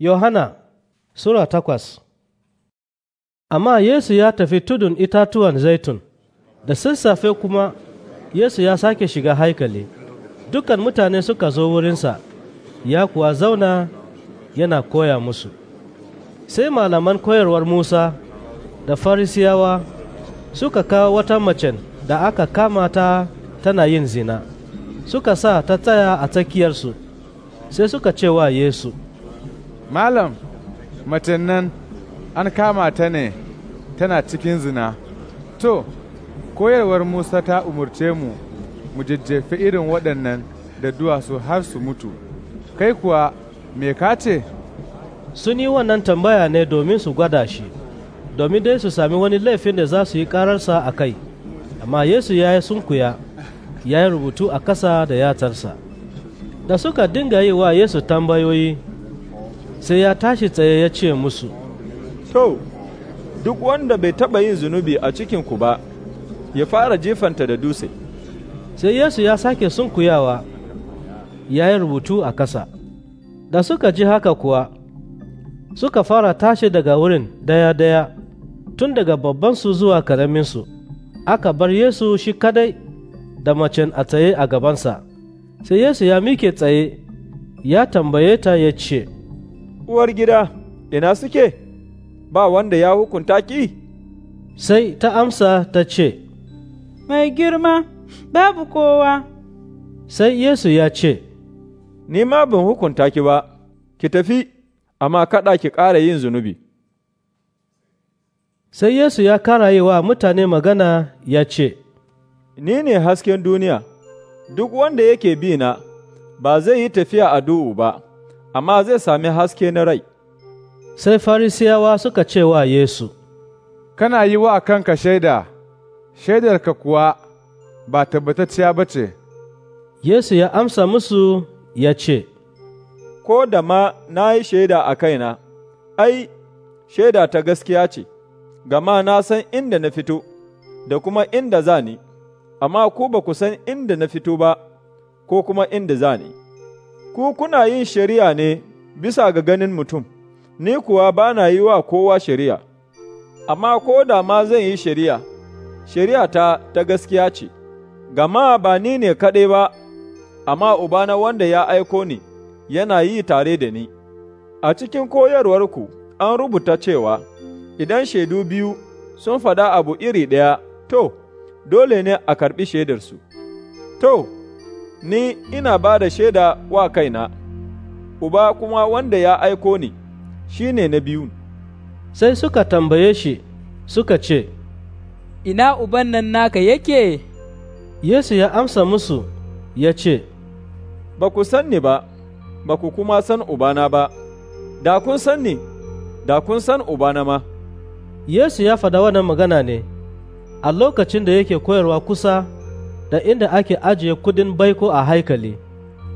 Yohana Sura takwas Amma Yesu ya tafi tudun itatuwan zaitun, da safe kuma Yesu ya sake shiga haikali, dukan mutane suka zo wurinsa, ya kuwa zauna yana koya musu. Sai malaman koyarwar Musa da Farisiyawa suka kawo wata macen da aka kama ta tana yin zina, suka sa ta tsaya a tsakiyarsu, sai suka ce wa Yesu. Malam, mace nan an kama ta ne tana cikin zina. To, koyarwar Musa ta umarce mu, mu jajjefe irin waɗannan da duwatsu har su mutu. Kai kuwa, me ka ce? Sun yi wannan tambaya ne domin su gwada shi, domin dai su sami wani laifin da za su yi ƙararsa a kai. Amma Yesu ya yi sunkuya, ya yi rubutu a ƙasa da yatarsa. Da suka dinga yi wa Yesu tambayoyi, sai ya tashi tsaye ya ce musu to duk wanda bai taba yin zunubi a cikinku ba ya fara jefanta da dutse sai yesu ya sake sunkuyawa ya yi rubutu a ƙasa da suka ji haka kuwa suka fara tashi daga wurin daya-daya tun daga babbansu zuwa karaminsu aka bar yesu shi kadai da mace a tsaye a gabansa sai yesu ya mike tsaye ya tambaye ta ya ce Uwar gida, ina suke, ba wanda ya hukunta ki? Sai ta amsa ta ce, Mai girma, babu kowa. Sai Yesu ya ce, Ni ma ban hukunta ki ba, ki tafi, amma kaɗa ki ƙara yin zunubi. Sai Yesu ya kara yi wa mutane magana ya ce, Ni ne hasken duniya, duk wanda yake bi na, ba zai yi tafiya a duhu ba. amma zai sami haske na rai. Sai Farisiyawa suka ce wa Yesu, Kana yi wa kanka shaida, shaidar ka kuwa ba tabbatacciya ba ce. Yesu ya amsa musu ya ce, Ko da ma na yi shaida a kaina, ai, shaida ta gaskiya ce, gama na san inda na fito, da kuma inda za ni, amma ku ba ku san inda na fito ba, ko kuma inda za ni. ku kuna yin shari'a ne bisa ga ganin mutum, ni kuwa ba na yi wa kowa shari'a, amma ko da ma zan yi shari'a, shari'a ta ta gaskiya ce, gama ba ni ne kaɗai ba, amma Ubana wanda ya aiko ni yana yi tare da ni. A cikin koyarwarku an rubuta cewa, idan shaidu biyu sun faɗa abu iri ɗaya, to, dole ne a karɓi shaidarsu. To, ni ina ba da shaida wa kaina, Uba kuma wanda ya aiko ni, shi ne na biyu. Sai suka tambaye shi, suka ce, Ina uban nan naka yake? Yesu ya amsa musu, ya ce, Ba ku san ni ba, ba ku kuma san Ubana ba, da kun san ni, da kun san Ubana ma. Yesu ya faɗa wannan magana ne, a lokacin da yake koyarwa kusa da inda ake ajiye kudin baiko a haikali,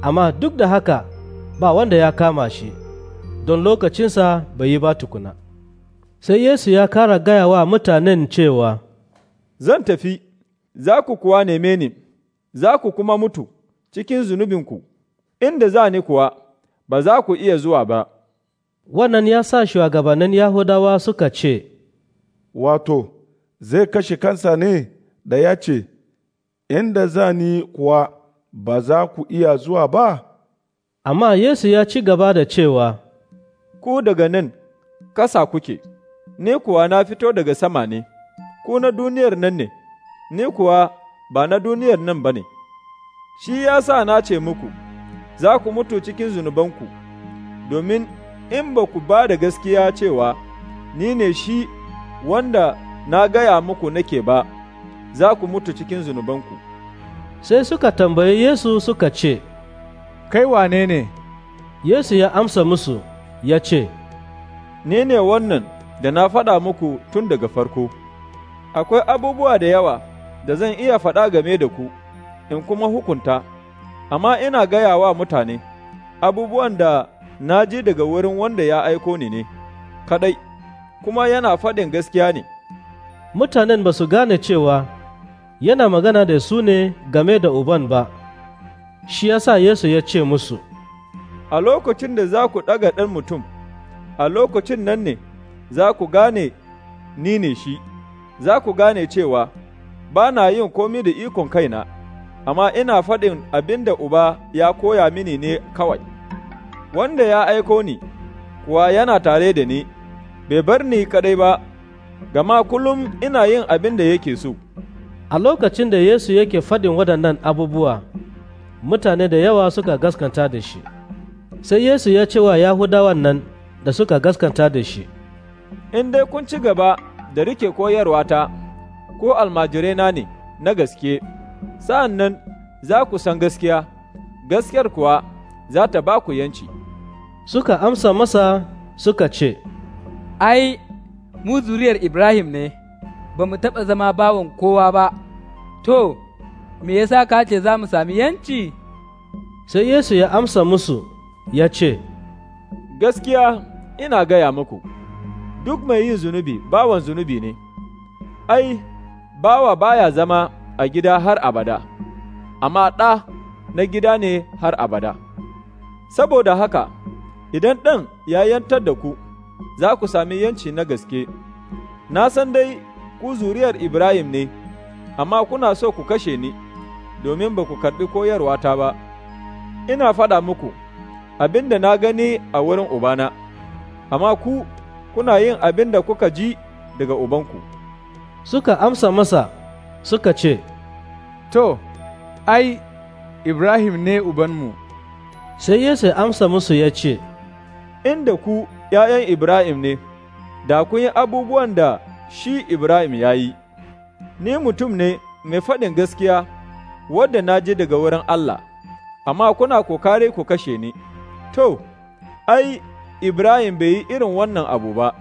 amma duk da haka ba wanda ya kama shi, don lokacinsa bai yi ba tukuna. Sai Yesu ya kara gaya wa mutanen cewa, Zan tafi, za ku kuwa neme ni, za ku kuma mutu cikin zunubinku, inda za ni kuwa ba za ku iya zuwa ba. Wannan ya sa shugabannin Yahudawa suka ce, Wato, zai kashe kansa ne da ya ce, inda za ni kuwa ba za ku iya zuwa ba? Amma Yesu ya ci gaba da cewa, Ku daga nan, ƙasa kuke, ni kuwa na fito daga sama ne, ku na duniyar nan ne, ni kuwa ba na duniyar nan ba ne. Shi ya sa na ce muku, za ku mutu cikin zunubanku, domin in ba ku ba da gaskiya cewa, ni ne shi wanda na gaya muku nake ba, za ku mutu cikin zunubanku. sai suka tambayi Yesu suka ce, Kai wane ne? Yesu ya amsa musu ya ce, Ni ne wannan da na faɗa muku tun daga farko, akwai abubuwa da yawa da zan iya faɗa game da ku, in kuma hukunta, amma ina gaya wa mutane abubuwan da na ji daga wurin wanda ya aiko ni ne, kaɗai, kuma yana faɗin gaskiya ne. Mutanen ba su gane cewa yana magana da su ne game da uban ba, shi ya sa Yesu ya ce musu, A lokacin da za ku ɗaga ɗan mutum, a lokacin nan ne za ku gane ni ne shi, za ku gane cewa ba na yin komi da ikon kaina, amma ina faɗin abin da uba ya koya mini ne kawai, wanda ya aiko ni kuwa yana tare da ni, bai bar ni kadai ba, gama kullum ina yin abin da yake so. a lokacin da yesu yake faɗin waɗannan abubuwa mutane da yawa suka gaskanta da shi sai yesu ya ce wa yahudawan nan da suka gaskanta da shi in dai kun ci gaba da rike ta ko almajirai na ne na gaske sa'an nan za ku san gaskiya gaskiyar kuwa za ta ba ku yanci suka amsa masa suka ce ai mu zuriyar ibrahim ne ba mu taɓa zama bawan kowa ba, to, me yasa ka ce za mu sami yanci? Sai Yesu ya amsa musu ya ce, Gaskiya ina gaya muku, duk mai yin zunubi bawan zunubi ne, ai, bawa baya zama a gida har abada, amma ɗa na gida ne har abada. Saboda haka, idan ɗan ya yantar da ku, za ku sami yanci na gaske, na san dai ku zuriyar Ibrahim ne, amma kuna so ku kashe ni, domin ba ku karɓi koyarwata ba, ina faɗa muku abin da na gani a wurin Ubana, amma ku kuna yin abin da kuka ji daga Ubanku. Suka amsa masa suka ce, To, ai, Ibrahim ne Ubanmu. Sai Yesu amsa musu ya ce, Inda ku ’ya'yan Ibrahim ne, da kun yi abubuwan da shi Ibrahim ya yi, Ni mutum ne mai faɗin gaskiya wadda na ji daga wurin Allah, amma kuna ku kare ku kashe ni, to, ai, Ibrahim bai yi irin wannan abu ba,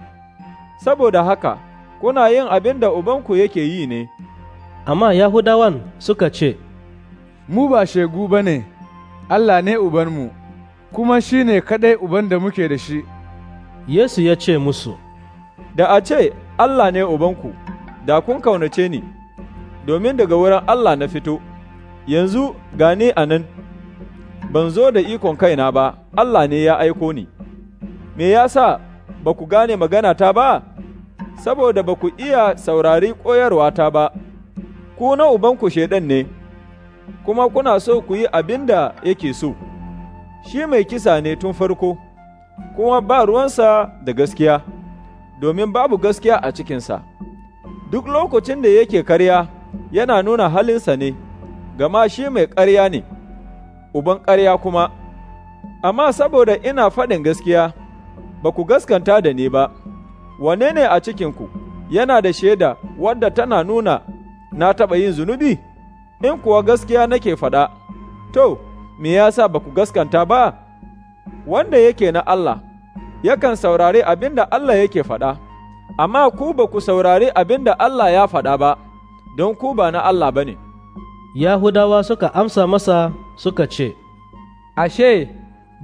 saboda haka kuna yin abin da ubanku yake yi ne. Amma Yahudawan suka ce, Mu ba shegu ba ne, Allah ne ubanmu, kuma shi ne kaɗai uban da muke da shi. Yesu ya ce musu, Da a ce Allah ne ubanku, da kun kaunace ni, domin daga wurin Allah na fito, yanzu gane a nan, ban zo da ikon kaina ba, Allah ne ya aiko ni, me ya sa ba ku gane ta ba, saboda ba ku iya saurari koyarwa ta ba, ku na ubanku shaidan ne, kuma kuna so ku yi abin da yake so, shi mai kisa ne tun farko, kuma ba ruwansa da gaskiya. domin babu gaskiya a cikinsa, duk lokacin da yake karya yana nuna halinsa ne, gama shi mai karya ne, uban karya kuma, amma saboda ina faɗin gaskiya, ba ku gaskanta da ni ba, wane ne a cikinku yana da shaida wadda tana nuna na taɓa yin zunubi? In kuwa gaskiya nake faɗa, to, me yasa ba ku gaskanta ba? Wanda yake na Allah. yakan saurari abin da Allah yake faɗa, amma ku ba ku saurari abin da Allah ya faɗa ba, don ku ba na Allah ba ne. Yahudawa suka amsa masa suka ce, Ashe,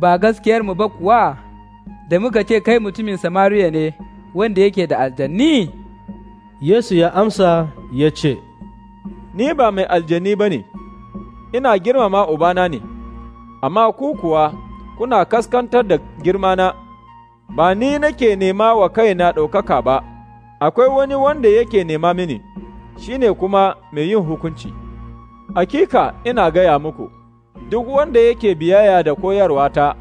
ba gaskiyarmu ba kuwa, da muka ce kai mutumin Samariya ne wanda yake da aljanni? Yesu ya amsa ya ce, Ni ba mai aljanni ba ne, ina girmama Ubana ne, amma ku kuwa kuna kaskantar da girmana. ba ni nake nema wa kaina ɗaukaka ba, akwai wani wanda yake nema mini, shi ne kuma mai yin hukunci. Akika ina gaya muku, duk wanda yake biyayya da koyarwata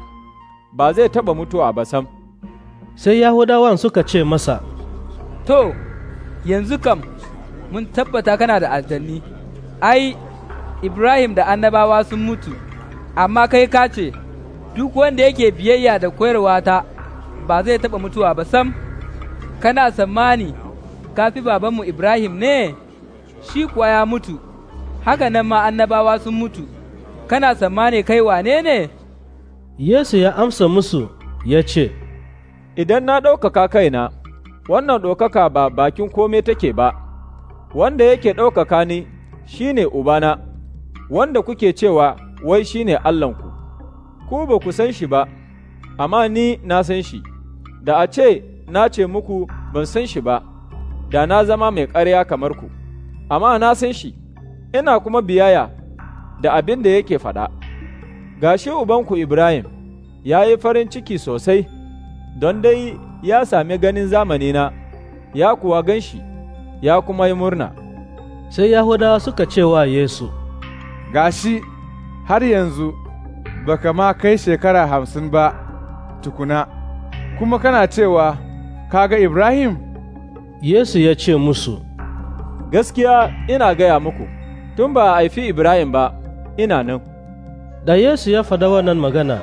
ba zai taɓa mutuwa ba sam. Sai Yahudawan suka ce masa, To, yanzu kam mun tabbata kana da aljanni, ai, Ibrahim da annabawa sun mutu, amma kai ka ce, duk wanda yake biyayya da koyarwata ba zai taɓa mutuwa ba sam, kana tsammani ka fi babanmu Ibrahim ne, shi kuwa ya mutu, haka nan ma annabawa sun mutu, kana tsammani kai wane ne? Yesu ya amsa musu ya ce, Idan na ɗaukaka kaina, wannan ɗaukaka ba bakin kome take ba, wanda yake ɗaukaka ni shi ne Ubana, wanda kuke cewa wai shi ne Allahnku, ku ba ku san shi ba. amma ni na san shi, da a ce na ce muku ban san shi ba, da na zama mai ƙarya kamar ku, amma na san shi, ina kuma biyaya da abin da yake faɗa. ga shi ubanku Ibrahim ya yi farin ciki sosai, don dai ya sami ganin zamanina, ya kuwa gan shi, ya kuma yi murna. Sai Yahudawa suka cewa wa Yesu, Gashi, har yanzu, baka ma kai shekara hamsin ba. tukuna, kuma kana cewa, Kaga Ibrahim? Yesu ya ce musu, Gaskiya ina gaya muku, tun ba a haifi Ibrahim ba, ina nan. Da Yesu ya faɗa wannan magana,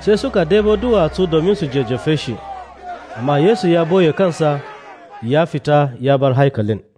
sai suka debo duwatsu domin su jajjafe shi, amma Yesu ya boye kansa, ya fita ya bar haikalin.